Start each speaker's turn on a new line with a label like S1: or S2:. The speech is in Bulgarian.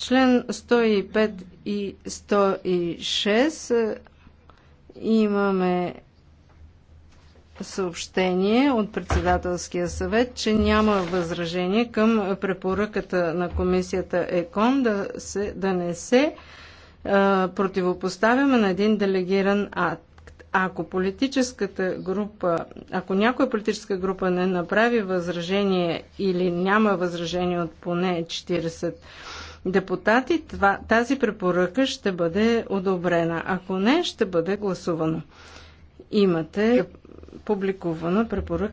S1: Член 105 и 106 е, имаме съобщение от председателския съвет, че няма възражение към препоръката на комисията ЕКОН да, се, да не се а, е, противопоставяме на един делегиран акт. Ако политическата група, ако някоя политическа група не направи възражение или няма възражение от поне 40 депутати, това, тази препоръка ще бъде одобрена. Ако не, ще бъде гласувано. Имате публикувана препоръка.